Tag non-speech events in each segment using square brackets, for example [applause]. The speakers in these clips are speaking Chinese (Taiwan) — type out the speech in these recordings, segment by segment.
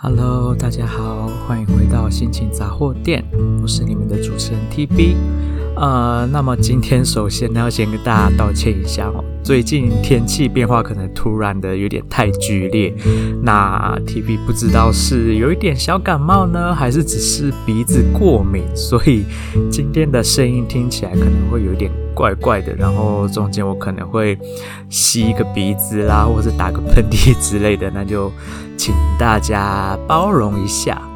Hello，大家好，歡迎回到心情雜貨店，我是你們的主持人 TB。呃，那麼今天首先呢，要先跟大家道歉一下哦。最近天氣變化可能突然的有點太劇烈，那 TV 不知道是有一點小感冒呢，還是只是鼻子過敏，所以今天的聲音聽起來可能會有點怪怪的。然後中間我可能會吸一個鼻子啦，或是打個噴嚏之類的，那就請大家包容一下。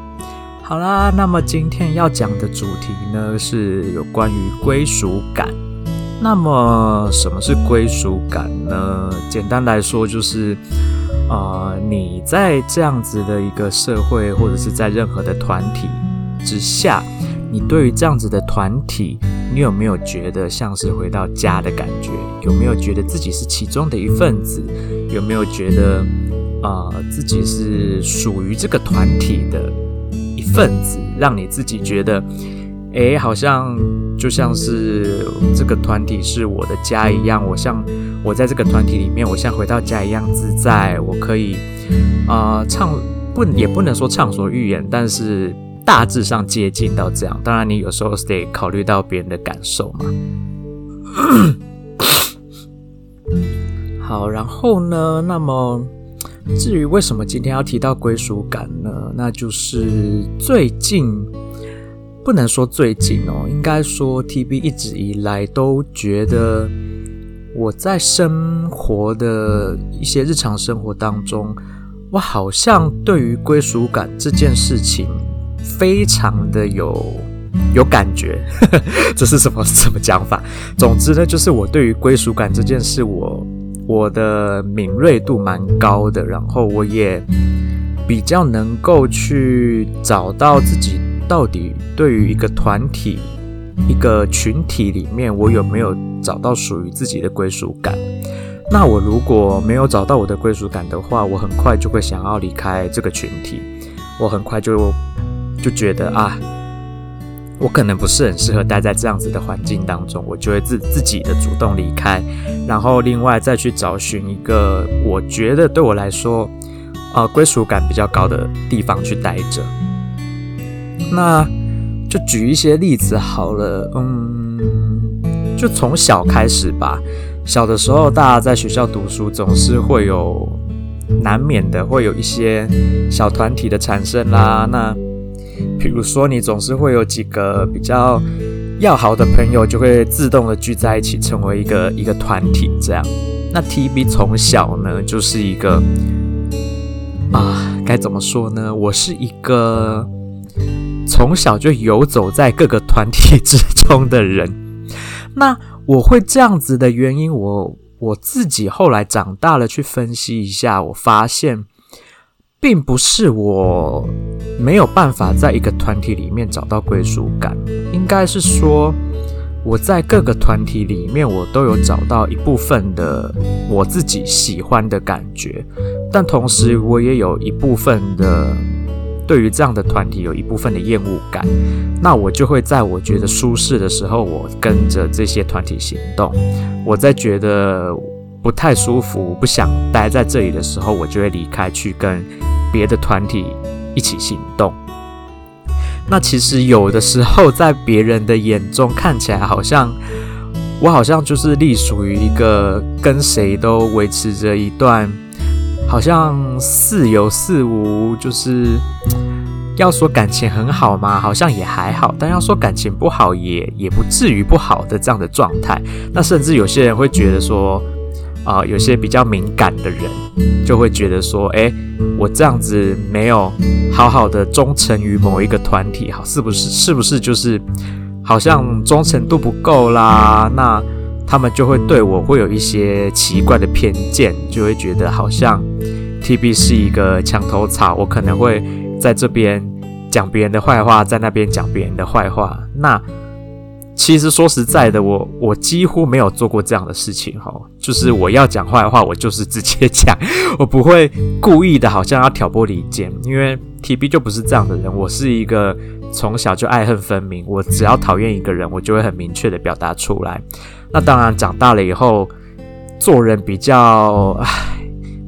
好啦，那麼今天要講的主題呢，是有關於歸屬感。那麼什麼是歸屬感呢？簡單來說，就是，呃，你在這樣子的一個社會，或者是在任何的團體之下，你對於這樣子的團體，你有沒有覺得像是回到家的感覺？有沒有覺得自己是其中的一份子？有沒有覺得啊、呃，自己是屬於這個團體的？分子，讓你自己覺得，哎，好像就像是這個團體是我的家一樣。我像我在這個團體裡面，我像回到家一樣自在。我可以啊，暢、呃、不也不能說暢所欲言，但是大致上接近到這樣。當然，你有時候得考慮到別人的感受嘛。 [laughs] 好，然後呢？那麼。至於為什麼今天要提到歸屬感呢？那就是最近，不能說最近哦，應該說 TB 一直以來都覺得我在生活的一些日常生活當中，我好像對於歸屬感這件事情非常的有有感覺。 [laughs] 這是什麼什麼講法？總之呢，就是我對於歸屬感這件事，我。我的敏銳度蠻高的，然後我也比較能夠去找到自己到底對於一個團體、一個群體裡面，我有沒有找到屬於自己的歸屬感。那我如果沒有找到我的歸屬感的話，我很快就會想要離開這個群體，我很快就就覺得啊。我可能不是很適合待在這樣子的環境當中，我就會自自己的主動離開，然後另外再去找尋一個我覺得對我來說，呃，歸屬感比較高的地方去待着。那就舉一些例子好了，嗯，就從小開始吧。小的時候，大家在學校讀書，總是會有難免的會有一些小團體的產生啦，那。比如說，你總是會有幾個比較要好的朋友，就會自動的聚在一起，成為一個一個團體這樣。那 TB 從小呢，就是一個啊，該怎麼說呢？我是一個從小就游走在各個團體之中的人。那我會這樣子的原因，我我自己後來長大了去分析一下，我發現。並不是我沒有辦法在一個團體裡面找到歸屬感，應該是說我在各個團體裡面，我都有找到一部分的我自己喜歡的感覺，但同時我也有一部分的對於這樣的團體有一部分的厭惡感。那我就會在我覺得舒適的時候，我跟着這些團體行動；我在覺得不太舒服、我不想待在這裡的時候，我就會離開去跟。別的團體一起行動，那其實有的時候在別人的眼中看起來，好像我好像就是隸屬於一個跟誰都維持着一段好像似有似無，就是要說感情很好嘛，好像也還好；但要說感情不好也，也也不至於不好的這樣的狀態。那甚至有些人會覺得說。啊、呃，有些比較敏感的人就會覺得說，哎、欸，我這樣子沒有好好的忠誠於某一個團體，好是不是？是不是就是好像忠誠度不夠啦？那他們就會對我會有一些奇怪的偏見，就會覺得好像 TB 是一個牆頭草，我可能會在這邊講別人的壞話，在那邊講別人的壞話，那。其實說實在的，我我幾乎沒有做過這樣的事情哈、哦。就是我要講壞話，我就是直接講，我不會故意的，好像要挑撥離間。因為 T B 就不是這樣的人，我是一個從小就愛恨分明。我只要討厭一個人，我就會很明確的表達出來。那當然，長大了以後做人比較，哎，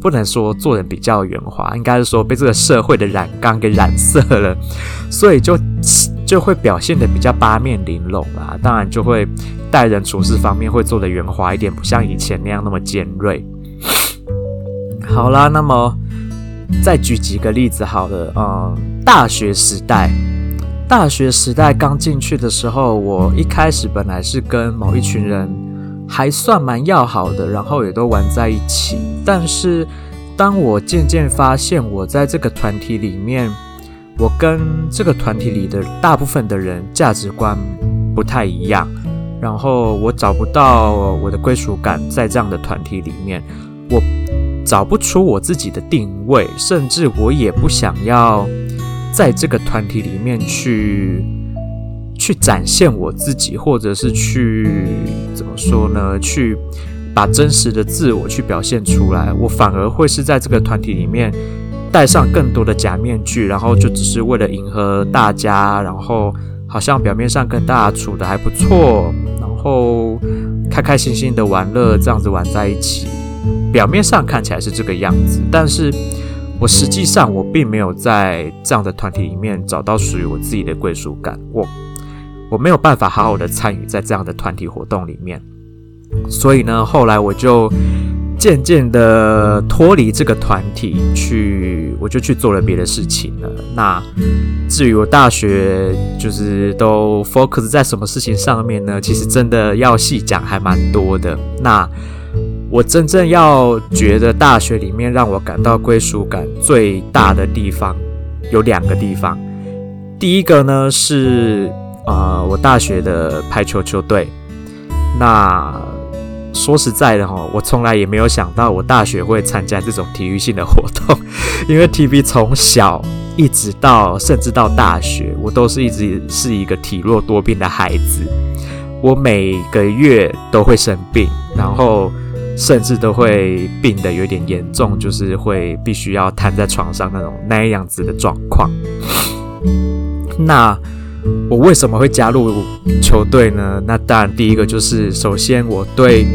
不能說做人比較圓滑，應該是說被這個社會的染缸給染色了，所以就。就會表現得比較八面玲瓏啦、啊，當然就會待人處事方面會做得圓滑一點，不像以前那樣那麼尖銳。 [laughs] 好啦，那麼再舉幾個例子好了，嗯，大學時代，大學時代剛進去的時候，我一開始本來是跟某一群人還算蠻要好的，然後也都玩在一起。但是當我漸漸發現，我在這個團體裡面。我跟這個團體裡的大部分的人價值觀不太一樣，然後我找不到我的歸屬感在這樣的團體裡面，我找不出我自己的定位，甚至我也不想要在這個團體裡面去去展現我自己，或者是去怎麼說呢？去把真實的自我去表現出來，我反而會是在這個團體裡面，戴上更多的假面具，然後就只是為了迎合大家，然後好像表面上跟大家處得還不錯，然後開開心心的玩樂，這樣子玩在一起，表面上看起來是這個樣子，但是我實際上我並沒有在這樣的團體裡面找到屬於我自己的歸屬感，我我沒有辦法好好的參與在這樣的團體活動裡面，所以呢，後來我就。漸漸的脫離這個團體去，我就去做了別的事情了。那至於我大學就是都 focus 在什麼事情上面呢？其實真的要細講還蠻多的。那我真正要覺得大學裡面讓我感到歸屬感最大的地方有兩個地方。第一個呢是啊，呃，我大學的排球球隊。那說實在的哈，我從來也沒有想到我大學會參加這種體育性的活動，因為體育從小一直到甚至到大學，我都是一直是一個體弱多病的孩子，我每個月都會生病，然後甚至都會病得有點嚴重，就是會必須要癱在床上那種那樣子的狀況。那我為什麼會加入球隊呢？那當然第一個就是首先我對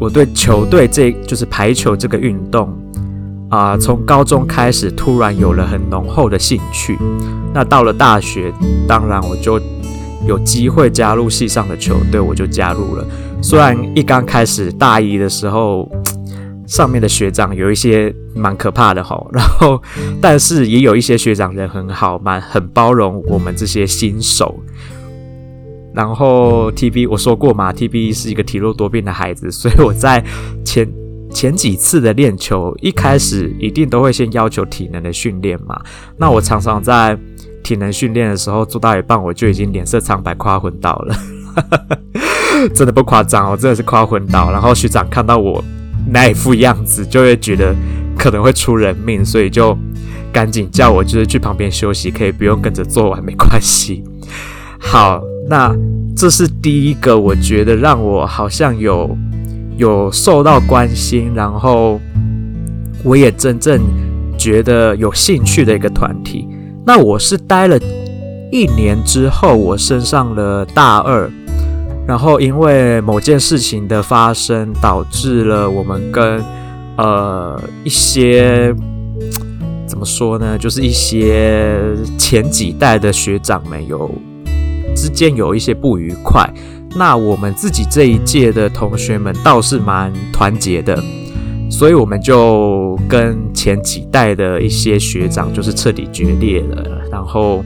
我對球隊這就是排球這個運動啊、呃，從高中開始突然有了很濃厚的興趣。那到了大學，當然我就有機會加入系上的球隊，我就加入了。雖然一剛開始大一的時候，上面的學長有一些蠻可怕的吼，然後但是也有一些學長人很好，蠻很包容我們這些新手。然後 T B 我說過嘛，T B 是一個體弱多病的孩子，所以我在前前幾次的練球，一開始一定都會先要求體能的訓練嘛。那我常常在體能訓練的時候做到一半，我就已經臉色蒼白、快昏倒了， [laughs] 真的不誇張哦，真的是快昏倒。然後學長看到我那一副樣子，就會覺得可能會出人命，所以就趕緊叫我就是去旁邊休息，可以不用跟着做完，沒關係。好，那這是第一個，我覺得讓我好像有有受到關心，然後我也真正覺得有興趣的一個團體。那我是待了一年之後，我升上了大二，然後因為某件事情的發生，導致了我們跟呃一些怎麼說呢？就是一些前幾代的學長們有。之間有一些不愉快，那我們自己這一屆的同學們倒是蠻團結的，所以我們就跟前幾代的一些學長就是徹底決裂了，然後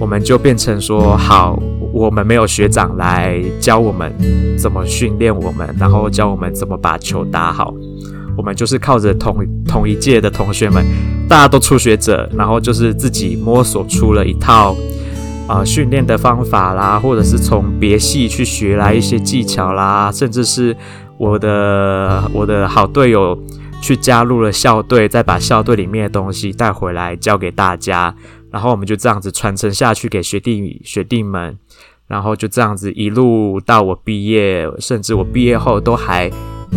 我們就變成說，好，我們沒有學長來教我們怎麼訓練我們，然後教我們怎麼把球打好，我們就是靠着同同一屆的同學們，大家都初學者，然後就是自己摸索出了一套，啊、呃，訓練的方法啦，或者是從別系去學來一些技巧啦，甚至是我的我的好隊友去加入了校隊，再把校隊裡面的東西帶回來教給大家，然後我們就這樣子傳承下去給學弟學弟們，然後就這樣子一路到我畢業，甚至我畢業後都還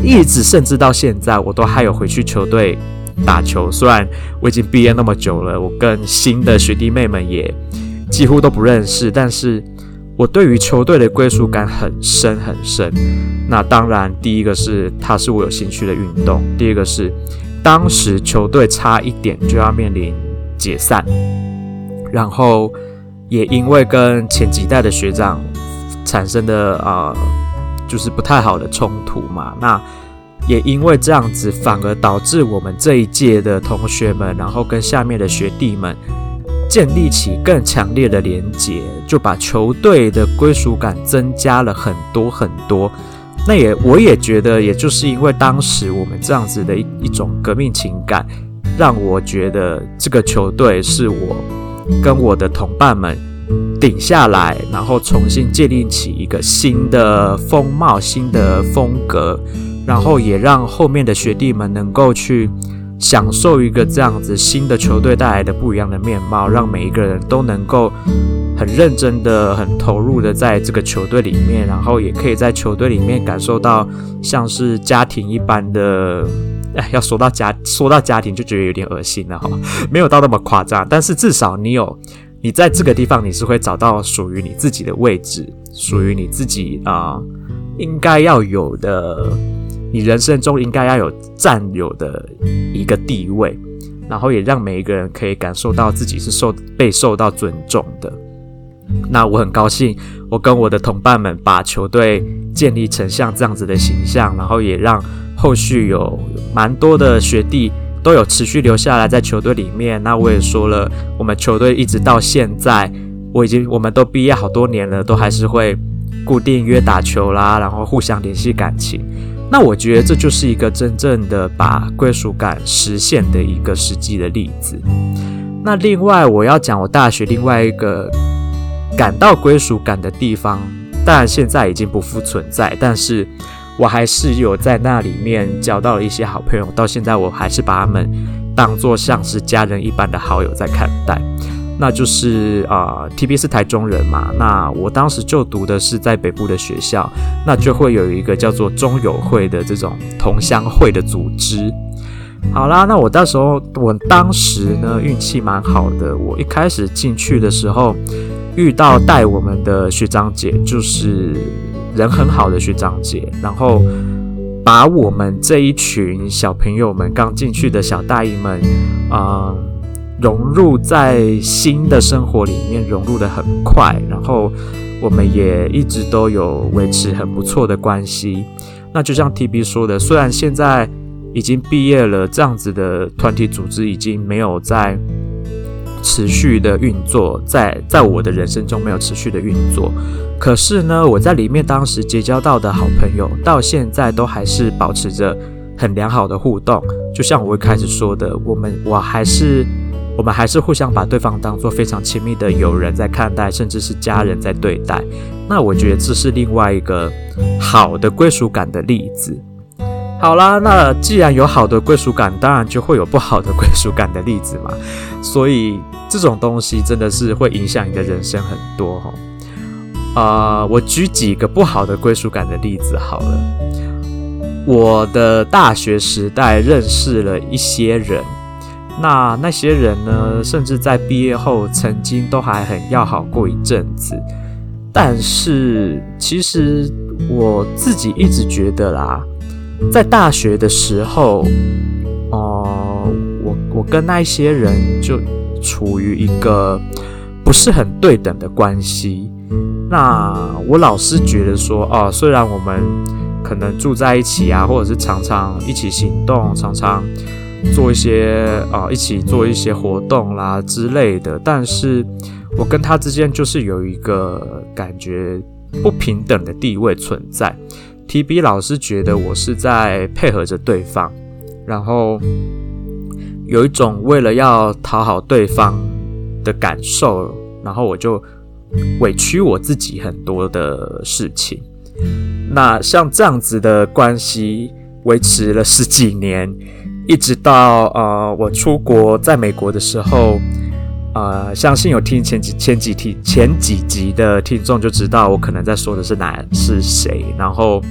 一直，甚至到現在我都還有回去球隊打球。雖然我已經畢業那麼久了，我跟新的學弟妹們也，幾乎都不認識，但是我對於球隊的歸屬感很深很深。那當然，第一個是它是我有興趣的運動，第二個是當時球隊差一點就要面臨解散，然後也因為跟前幾代的學長產生的啊、呃，就是不太好的衝突嘛。那也因為這樣子，反而導致我們這一屆的同學們，然後跟下面的學弟們。建立起更強烈的連接，就把球隊的歸屬感增加了很多很多。那也我也覺得，也就是因為當時我們這樣子的一一種革命情感，讓我覺得這個球隊是我跟我的同伴們頂下來，然後重新建立起一個新的風貌、新的風格，然後也讓後面的學弟們能夠去。享受一個這樣子新的球隊帶來的不一樣的面貌，讓每一個人都能夠很認真的、很投入的在這個球隊裡面，然後也可以在球隊裡面感受到像是家庭一般的。哎，要說到家，說到家庭就覺得有點噁心了哈，沒有到那麼誇張，但是至少你有，你在這個地方你是會找到屬於你自己的位置，屬於你自己啊，應該要有的。你人生中應該要有占有的一個地位，然後也讓每一個人可以感受到自己是受被受到尊重的。那我很高興，我跟我的同伴們把球隊建立成像這樣子的形象，然後也讓後續有蠻多的學弟都有持續留下來在球隊裡面。那我也說了，我們球隊一直到現在，我已經我們都畢業好多年了，都還是會固定約打球啦，然後互相聯繫感情。那我覺得這就是一個真正的把歸屬感實現的一個實際的例子。那另外，我要講我大學另外一個感到歸屬感的地方，當然現在已經不復存在，但是我還是有在那裡面交到了一些好朋友，到現在我還是把他們當做像是家人一般的好友在看待。那就是啊，T B 是台中人嘛，那我當時就讀的是在北部的學校，那就會有一個叫做中友會的這種同鄉會的組織。好啦，那我到時候，我當時呢，運氣蠻好的，我一開始進去的時候，遇到帶我們的學長姐，就是人很好的學長姐，然後把我們這一群小朋友們剛進去的小大姨們啊。呃融入在新的生活裡面，融入得很快。然後我們也一直都有維持很不錯的關係。那就像 T B 說的，雖然現在已經畢業了，這樣子的團體組織已經沒有在持續地運作，在在我的人生中沒有持續地運作。可是呢，我在裡面當時結交到的好朋友，到現在都還是保持着很良好的互動。就像我一開始說的，我們我還是。我們還是互相把對方當做非常親密的友人在看待，甚至是家人在對待。那我覺得這是另外一個好的歸屬感的例子。好啦，那既然有好的歸屬感，當然就會有不好的歸屬感的例子嘛。所以這種東西真的是會影響你的人生很多哈、哦。啊、呃，我舉幾個不好的歸屬感的例子好了。我的大學時代認識了一些人。那那些人呢，甚至在畢業後，曾經都還很要好過一陣子。但是，其實我自己一直覺得啦，在大學的時候，哦、呃，我我跟那一些人就處於一個不是很對等的關係。那我老是覺得說，哦、呃，雖然我們可能住在一起啊，或者是常常一起行動，常常做一些啊、哦，一起做一些活動啦之類的。但是我跟他之間就是有一個感覺不平等的地位存在。T B 老是覺得我是在配合着對方，然後有一種為了要討好對方的感受，然後我就委屈我自己很多的事情。那像這樣子的關係維持了十幾年。一直到呃，我出國在美國的時候，呃，相信有聽前幾前幾前幾集的聽眾就知道我可能在說的是哪是誰。然後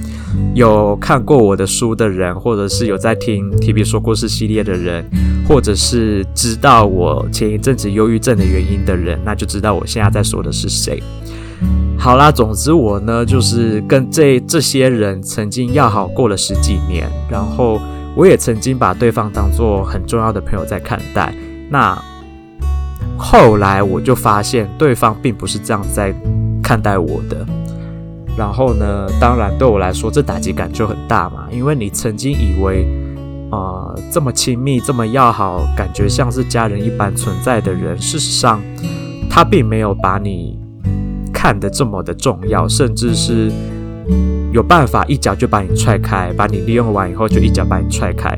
有看過我的書的人，或者是有在聽 TV 說故事系列的人，或者是知道我前一陣子憂鬱症的原因的人，那就知道我現在在說的是誰。好啦，總之我呢，就是跟這這些人曾經要好過了十幾年，然後。我也曾經把對方當做很重要的朋友在看待，那後來我就發現對方並不是這樣在看待我的。然後呢，當然對我來說，這打擊感就很大嘛，因為你曾經以為啊、呃、這麼親密、這麼要好，感覺像是家人一般存在的人，事實上他並沒有把你看得這麼的重要，甚至是。有辦法一腳就把你踹開，把你利用完以後就一腳把你踹開。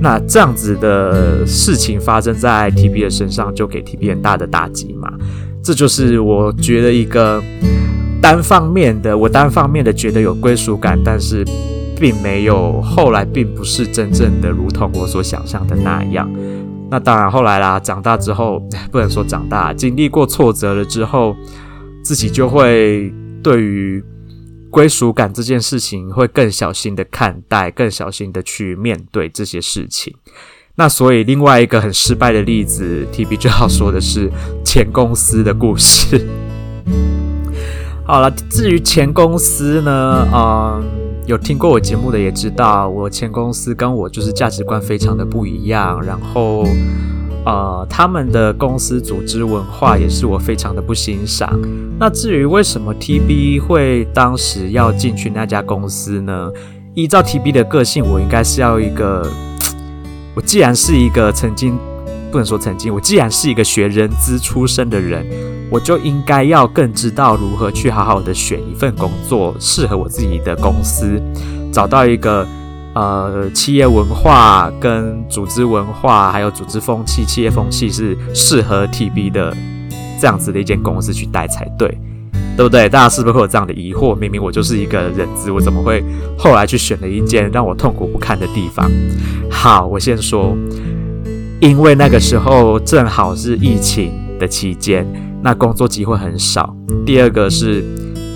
那這樣子的事情發生在 TB 的身上，就給 TB 很大的打擊嘛。這就是我覺得一個單方面的，我單方面的覺得有歸屬感，但是並沒有。後來並不是真正的如同我所想象的那樣。那當然，後來啦，長大之後，不能說長大，經歷過挫折了之後，自己就會對於。歸屬感這件事情會更小心的看待，更小心的去面對這些事情。那所以另外一個很失敗的例子，T B 最好說的是前公司的故事。 [laughs] 好啦，至於前公司呢，嗯，有聽過我節目的也知道，我前公司跟我就是價值觀非常的不一樣，然後。呃，他們的公司組織文化也是我非常的不欣賞。那至於為什麼 TB 會當時要進去那家公司呢？依照 TB 的個性，我應該是要一個，我既然是一個曾經，不能說曾經，我既然是一個學人資出身的人，我就應該要更知道如何去好好的選一份工作，適合我自己的公司，找到一個。呃，企業文化跟組織文化，還有組織風氣、企業風氣是適合 TB 的這樣子的一間公司去待才對，對不對？大家是不是會有這樣的疑惑？明明我就是一個人資，我怎麼會後來去選了一間讓我痛苦不堪的地方？好，我先說，因為那個時候正好是疫情的期間，那工作機會很少。第二個是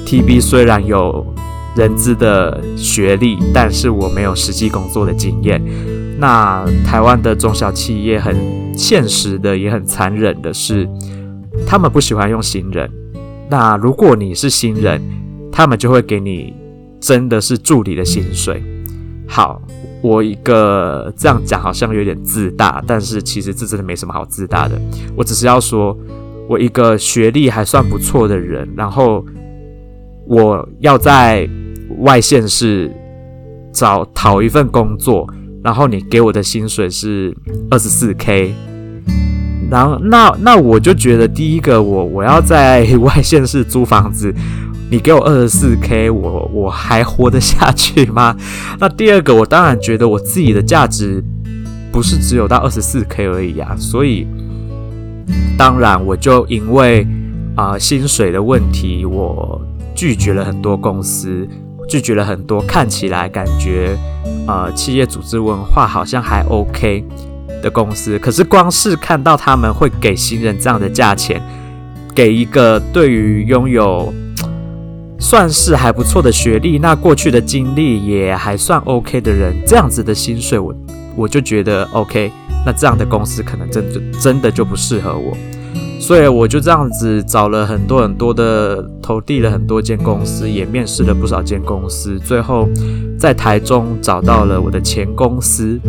TB 雖然有。人資的學歷，但是我沒有實際工作的經驗。那台灣的中小企業很現實的，也很殘忍的是，他們不喜歡用新人。那如果你是新人，他們就會給你真的是助理的薪水。好，我一個這樣講好像有點自大，但是其實這真的沒什麼好自大的。我只是要說，我一個學歷還算不錯的人，然後我要在。外縣市找討一份工作，然後你給我的薪水是二十四 K，然後那那我就覺得，第一個我我要在外縣市租房子，你給我二十四 K，我我還活得下去嗎？那第二個，我當然覺得我自己的價值不是只有到二十四 K 而已啊，所以當然我就因為啊、呃、薪水的問題，我拒絕了很多公司。拒絕了很多，看起來感覺，呃，企業組織文化好像還 OK 的公司，可是光是看到他們會給新人這樣的價錢，給一個對於擁有算是還不錯的學歷，那過去的經歷也還算 OK 的人，這樣子的薪水我，我我就覺得 OK。那這樣的公司可能真的真的就不適合我。所以我就這樣子找了很多很多的投遞了很多間公司，也面試了不少間公司，最後在台中找到了我的前公司。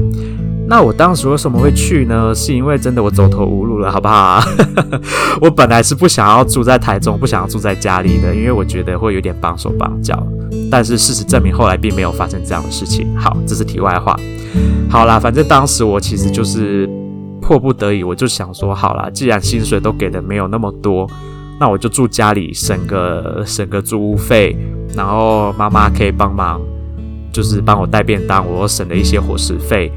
那我當時為什麼會去呢？是因為真的我走投無路了，好不好啊？ [laughs] 我本來是不想要住在台中，不想要住在家裡的，因為我覺得會有點綁手綁腳。但是事實證明，後來並沒有發生這樣的事情。好，這是題外話。好啦，反正當時我其實就是。迫不得已，我就想說好啦，既然薪水都給的沒有那麼多，那我就住家裡省，省個省個租屋費，然後媽媽可以幫忙，就是幫我帶便當，我又省了一些伙食費，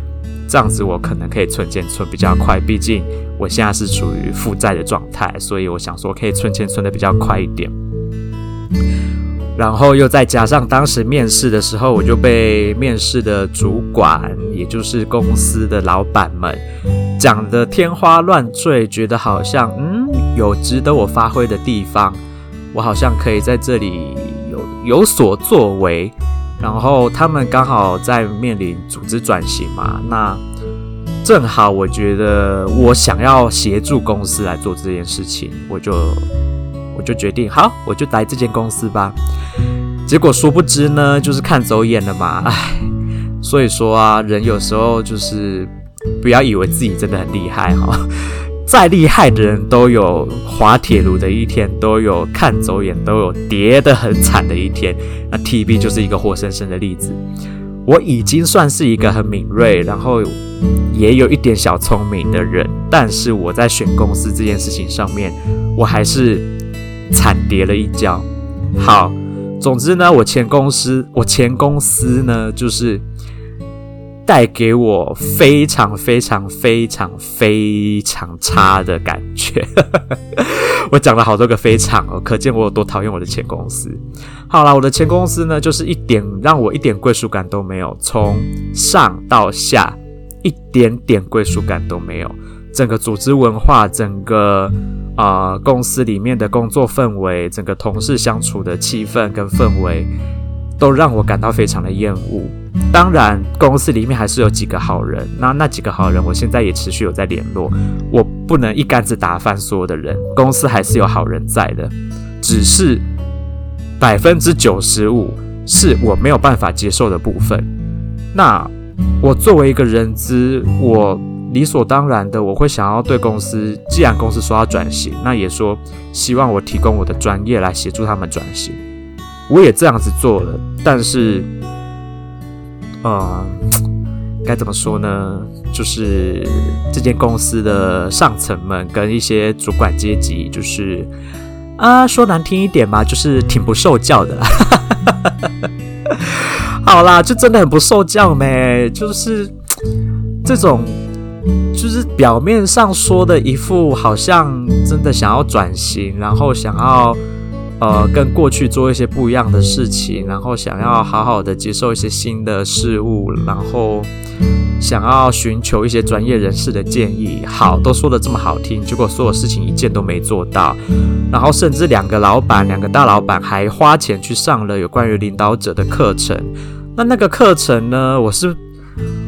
這樣子我可能可以存錢存比較快，畢竟我現在是處於負債的狀態，所以我想說可以存錢存得比較快一點。然後又再加上當時面試的時候，我就被面試的主管，也就是公司的老闆們。講得天花亂墜，覺得好像嗯有值得我發揮的地方，我好像可以在這裡有有所作為。然後他們剛好在面臨組織轉型嘛，那正好我覺得我想要協助公司來做這件事情，我就我就決定好，我就來這間公司吧。結果殊不知呢，就是看走眼了嘛，唉， [laughs] 所以說啊，人有時候就是。不要以為自己真的很厲害哈、哦， [laughs] 再厲害的人都有滑鐵盧的一天，都有看走眼，都有跌得很慘的一天。那 TB 就是一個活生生的例子。我已經算是一個很敏銳，然後也有一點小聰明的人，但是我在選公司這件事情上面，我還是慘跌了一跤。好，總之呢，我前公司，我前公司呢，就是。帶給我非常、非常非常非常非常差的感覺， [laughs] 我講了好多個非常哦，可見我有多討厭我的前公司。好了，我的前公司呢，就是一點讓我一點歸屬感都沒有，從上到下一點點歸屬感都沒有。整個組織文化，整個啊、呃，公司裡面的工作氛圍，整個同事相處的氣氛跟氛圍，都讓我感到非常的厭惡。當然，公司裡面還是有幾個好人。那那幾個好人，我現在也持續有在聯絡。我不能一竿子打翻所有的人，公司還是有好人在的。只是百分之九十五是我沒有辦法接受的部分。那我作為一個人資，我理所當然的，我會想要對公司，既然公司說要轉型，那也說希望我提供我的專業來協助他們轉型。我也這樣子做了，但是。呃、嗯，該怎麼說呢？就是這間公司的上層們跟一些主管階級，就是啊，說難聽一點嘛，就是挺不受教的。 [laughs] 好啦，就真的很不受教咩？就是這種，就是表面上說的一副好像真的想要轉型，然後想要。呃，跟過去做一些不一樣的事情，然後想要好好的接受一些新的事物，然後想要尋求一些專業人士的建議。好，都說得這麼好聽，結果所有事情一件都沒做到。然後甚至兩個老闆，兩個大老闆還花錢去上了有關於領導者的課程。那那個課程呢？我是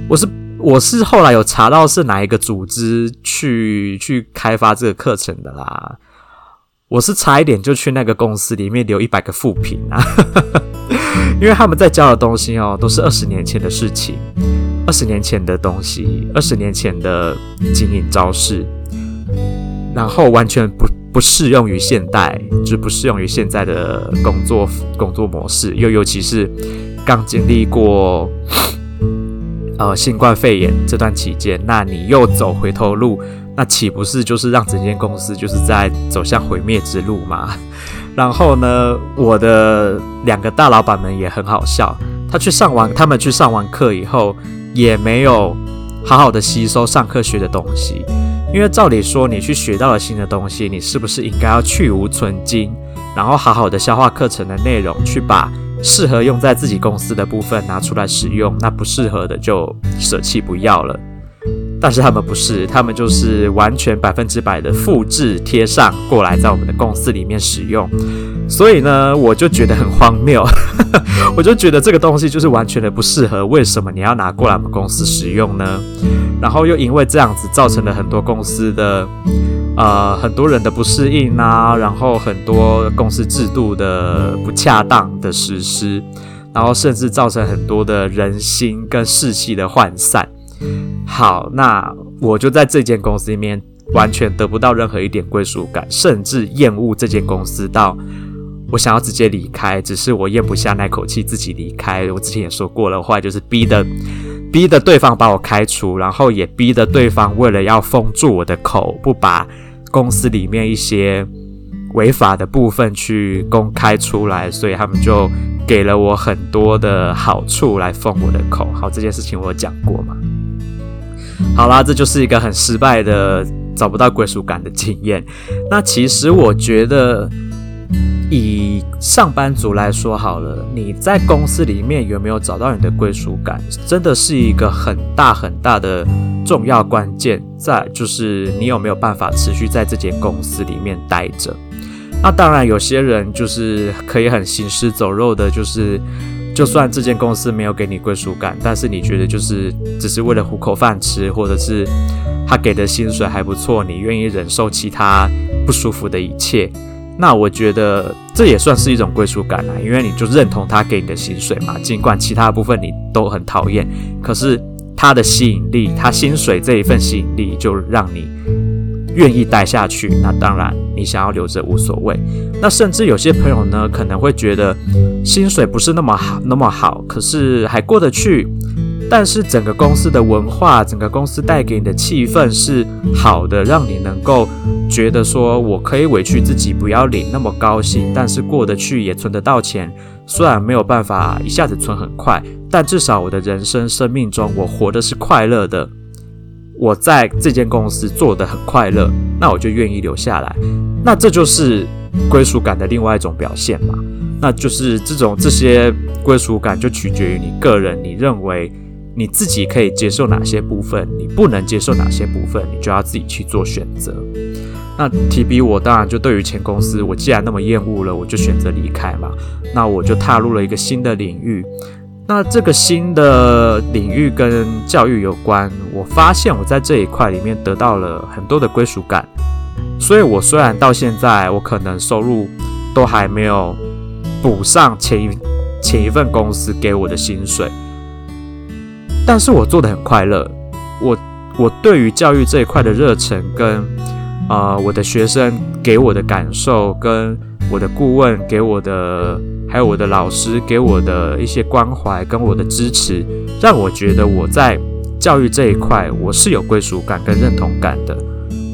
我是我是後來有查到是哪一個組織去去開發這個課程的啦。我是差一點就去那個公司裡面留一百個負評啊， [laughs] 因為他們在教的東西哦，都是二十年前的事情，二十年前的東西，二十年前的經營招式，然後完全不不適用於現代，就不適用於現在的工作工作模式，又尤其是剛經歷過，呃，新冠肺炎這段期間，那你又走回頭路。那豈不是就是讓整間公司就是在走向毀滅之路嗎？ [laughs] 然後呢，我的兩個大老闆們也很好笑。他去上完，他們去上完課以後，也沒有好好的吸收上課學的東西。因為照理說，你去學到了新的東西，你是不是應該要去蕪存菁，然後好好的消化課程的內容，去把適合用在自己公司的部分拿出來使用，那不適合的就捨棄不要了。但是他們不是，他們就是完全百分之百的複製貼上過來，在我們的公司裡面使用。所以呢，我就覺得很荒謬， [laughs] 我就覺得這個東西就是完全的不適合。為什麼你要拿過來我們公司使用呢？然後又因為這樣子，造成了很多公司的，呃，很多人的不適應啊，然後很多公司制度的不恰當的實施，然後甚至造成很多的人心跟士氣的渙散。好，那我就在這間公司裡面完全得不到任何一點歸屬感，甚至厭惡這間公司到我想要直接離開。只是我嚥不下那口氣，自己離開。我之前也說過的話，就是逼得，逼得對方把我開除，然後也逼得對方為了要封住我的口，不把公司裡面一些違法的部分去公開出來，所以他們就給了我很多的好處來封我的口。好，這件事情我有講過嘛。好啦，這就是一個很失敗的、找不到歸屬感的經驗。那其實我覺得，以上班族來說好了，你在公司裡面有沒有找到你的歸屬感，真的是一個很大很大的重要關鍵。在就是你有沒有辦法持續在這間公司裡面待着？那當然，有些人就是可以很行屍走肉的，就是。就算這間公司沒有給你歸屬感，但是你覺得就是只是為了糊口飯吃，或者是他給的薪水還不錯，你願意忍受其他不舒服的一切，那我覺得這也算是一種歸屬感啦，因為你就認同他給你的薪水嘛，儘管其他部分你都很討厭，可是他的吸引力，他薪水這一份吸引力就讓你。願意待下去，那當然你想要留着無所謂。那甚至有些朋友呢，可能會覺得薪水不是那麼好，那麼好，可是還過得去。但是整個公司的文化，整個公司帶給你的氣氛是好的，讓你能夠覺得說，我可以委屈自己不要領那麼高薪，但是過得去也存得到錢。雖然沒有辦法一下子存很快，但至少我的人生生命中，我活的是快樂的。我在這間公司做得很快樂，那我就願意留下來。那這就是歸屬感的另外一種表現嘛。那就是這種這些歸屬感就取決於你個人，你認為你自己可以接受哪些部分，你不能接受哪些部分，你就要自己去做選擇。那提比我當然就對於前公司，我既然那麼厭惡了，我就選擇離開嘛。那我就踏入了一個新的領域。那這個新的領域跟教育有關，我發現我在這一塊裡面得到了很多的歸屬感，所以我雖然到現在我可能收入都還沒有補上前一前一份公司給我的薪水，但是我做得很快樂。我我對於教育這一塊的熱忱跟啊、呃、我的學生給我的感受跟我的顧問給我的。還有我的老師給我的一些關懷跟我的支持，讓我覺得我在教育這一塊，我是有歸屬感跟認同感的。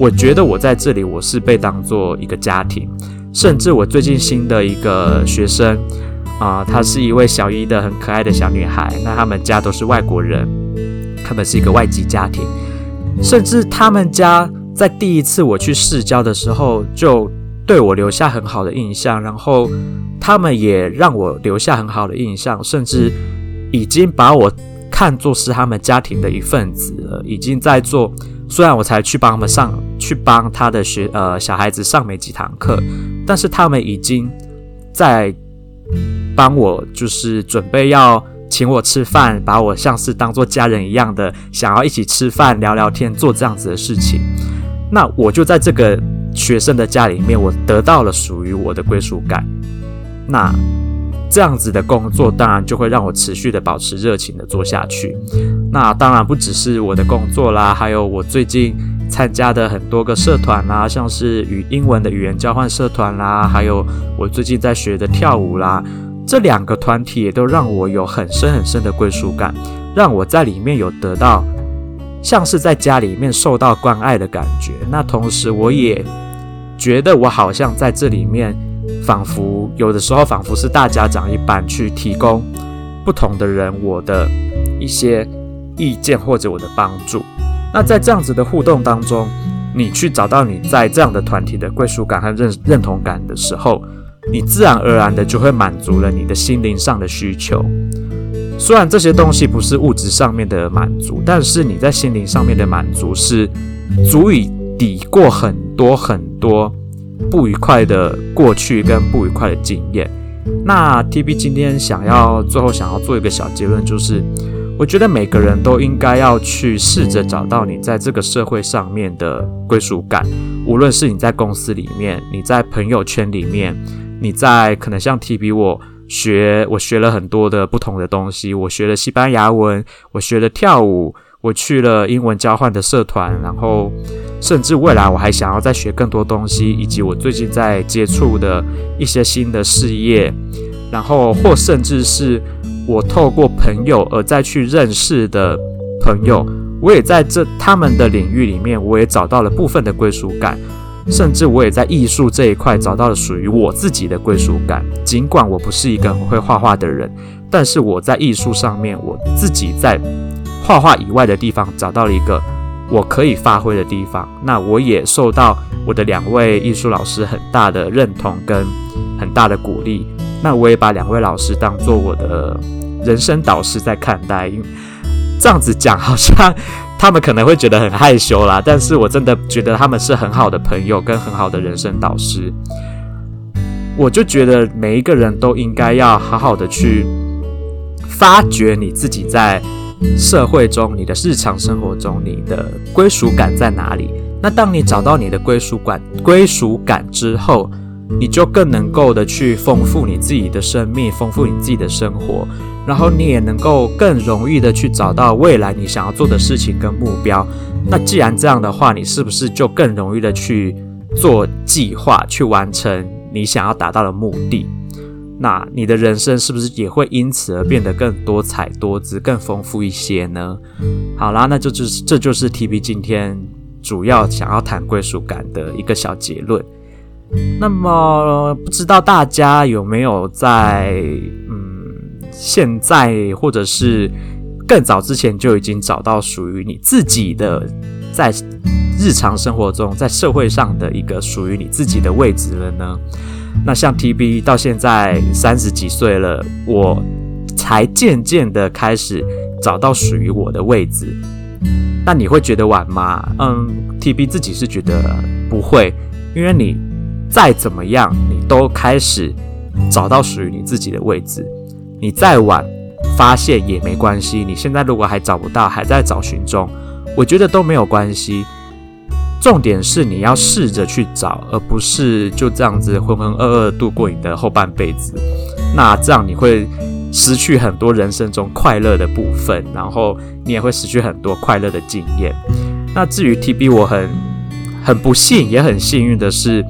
我覺得我在這裡，我是被當做一個家庭，甚至我最近新的一個學生啊，她、呃、是一位小一的很可愛的小女孩。那他們家都是外國人，他們是一個外籍家庭，甚至他們家在第一次我去試教的時候就。對我留下很好的印象，然後他們也讓我留下很好的印象，甚至已經把我看作是他們家庭的一份子了，已經在做。雖然我才去幫他們上，去幫他的學呃小孩子上沒幾堂課，但是他們已經在幫我，就是準備要請我吃飯，把我像是當做家人一樣的，想要一起吃飯聊聊天，做這樣子的事情。那我就在這個。學生的家裡面，我得到了屬於我的歸屬感。那這樣子的工作，當然就會讓我持續的保持熱情的做下去。那當然不只是我的工作啦，還有我最近參加的很多個社團啦，像是與英文的語言交換社團啦，還有我最近在學的跳舞啦。這兩個團體也都讓我有很深很深的歸屬感，讓我在裡面有得到像是在家裡面受到關愛的感覺。那同時，我也。覺得我好像在這裡面，仿佛有的時候仿佛是大家長一般去提供不同的人我的一些意見或者我的幫助。那在這樣子的互動當中，你去找到你在這樣的團體的歸屬感和認認同感的時候，你自然而然的就會滿足了你的心靈上的需求。雖然這些東西不是物質上面的滿足，但是你在心靈上面的滿足是足以抵過很多很。多不愉快的過去跟不愉快的經驗。那 TB 今天想要最後想要做一個小結論，就是我覺得每個人都應該要去試着找到你在這個社會上面的歸屬感，無論是你在公司裡面，你在朋友圈裡面，你在可能像 TB 我學我學了很多的不同的東西，我學了西班牙文，我學了跳舞。我去了英文交換的社團，然後甚至未來我還想要再學更多東西，以及我最近在接觸的一些新的事業，然後或甚至是我透過朋友而再去認識的朋友，我也在這他們的領域裡面，我也找到了部分的歸屬感，甚至我也在藝術這一塊找到了屬於我自己的歸屬感。儘管我不是一個很會畫畫的人，但是我在藝術上面我自己在。畫畫以外的地方找到了一個我可以發揮的地方，那我也受到我的兩位藝術老師很大的認同跟很大的鼓勵。那我也把兩位老師當做我的人生導師在看待，因為這樣子講好像他們可能會覺得很害羞啦。但是我真的覺得他們是很好的朋友跟很好的人生導師。我就覺得每一個人都應該要好好的去發掘你自己在。社會中，你的日常生活中，你的歸屬感在哪裡？那當你找到你的歸屬感，歸屬感之後，你就更能夠的去豐富你自己的生命，豐富你自己的生活，然後你也能夠更容易的去找到未來你想要做的事情跟目標。那既然這樣的話，你是不是就更容易的去做計劃，去完成你想要達到的目的？那你的人生是不是也會因此而變得更多彩多姿、更豐富一些呢？好啦，那就就是這就是 TV 今天主要想要談歸屬感的一個小結論。那麼，不知道大家有沒有在嗯現在或者是更早之前就已經找到屬於你自己的，在日常生活中、在社會上的一個屬於你自己的位置了呢？那像 TB 到現在三十幾歲了，我才漸漸的開始找到屬於我的位置。那你會覺得晚嗎？嗯，TB 自己是覺得不會，因為你再怎麼樣，你都開始找到屬於你自己的位置。你再晚發現也沒關係。你現在如果還找不到，還在找尋中，我覺得都沒有關係。重點是你要試着去找，而不是就這樣子渾渾噩噩度過你的後半輩子。那這樣你會失去很多人生中快樂的部分，然後你也會失去很多快樂的經驗。那至於 TB，我很很不幸，也很幸運的是，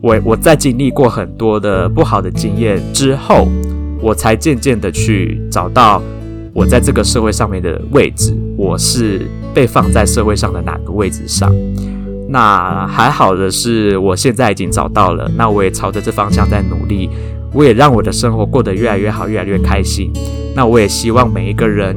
我我在經歷過很多的不好的經驗之後，我才漸漸的去找到我在這個社會上面的位置，我是被放在社會上的哪個位置上。那還好的是，我現在已經找到了。那我也朝着這方向在努力，我也讓我的生活過得越來越好，越來越開心。那我也希望每一個人，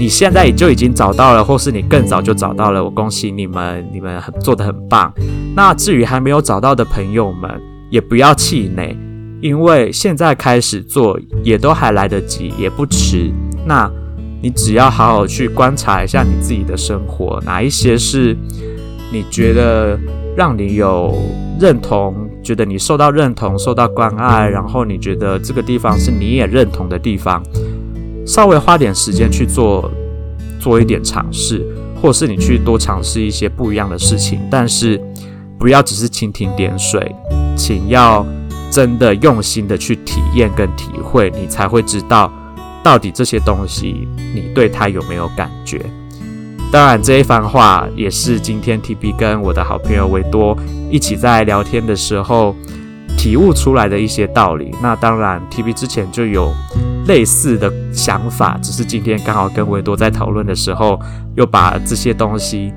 你現在就已經找到了，或是你更早就找到了，我恭喜你們，你們做得很棒。那至於還沒有找到的朋友們，也不要氣餒，因為現在開始做也都還來得及，也不遲。那你只要好好去觀察一下你自己的生活，哪一些是，你覺得讓你有認同，覺得你受到認同、受到關愛，然後你覺得這個地方是你也認同的地方，稍微花點時間去做，做一點嘗試，或是你去多嘗試一些不一樣的事情，但是不要只是蜻蜓點水，請要真的用心的去體驗跟體會，你才會知道到底這些東西你對它有沒有感覺。當然，這一番話也是今天 TB 跟我的好朋友維多一起在聊天的時候體悟出來的一些道理。那當然，TB 之前就有類似的想法，只是今天剛好跟維多在討論的時候，又把這些東西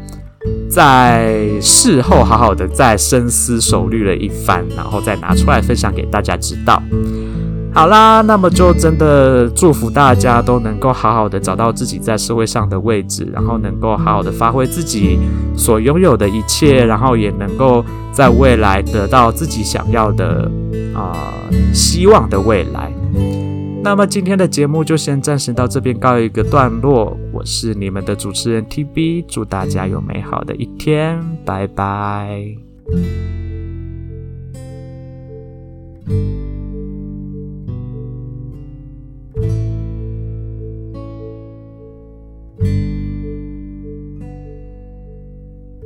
在事後好好的再深思熟慮了一番，然後再拿出來分享給大家知道。好啦，那麼就真的祝福大家都能夠好好的找到自己在社會上的位置，然後能夠好好的發揮自己所擁有的一切，然後也能夠在未來得到自己想要的啊、呃，希望的未來。那麼今天的節目就先暫時到這邊告一個段落。我是你們的主持人 TB，祝大家有美好的一天，拜拜。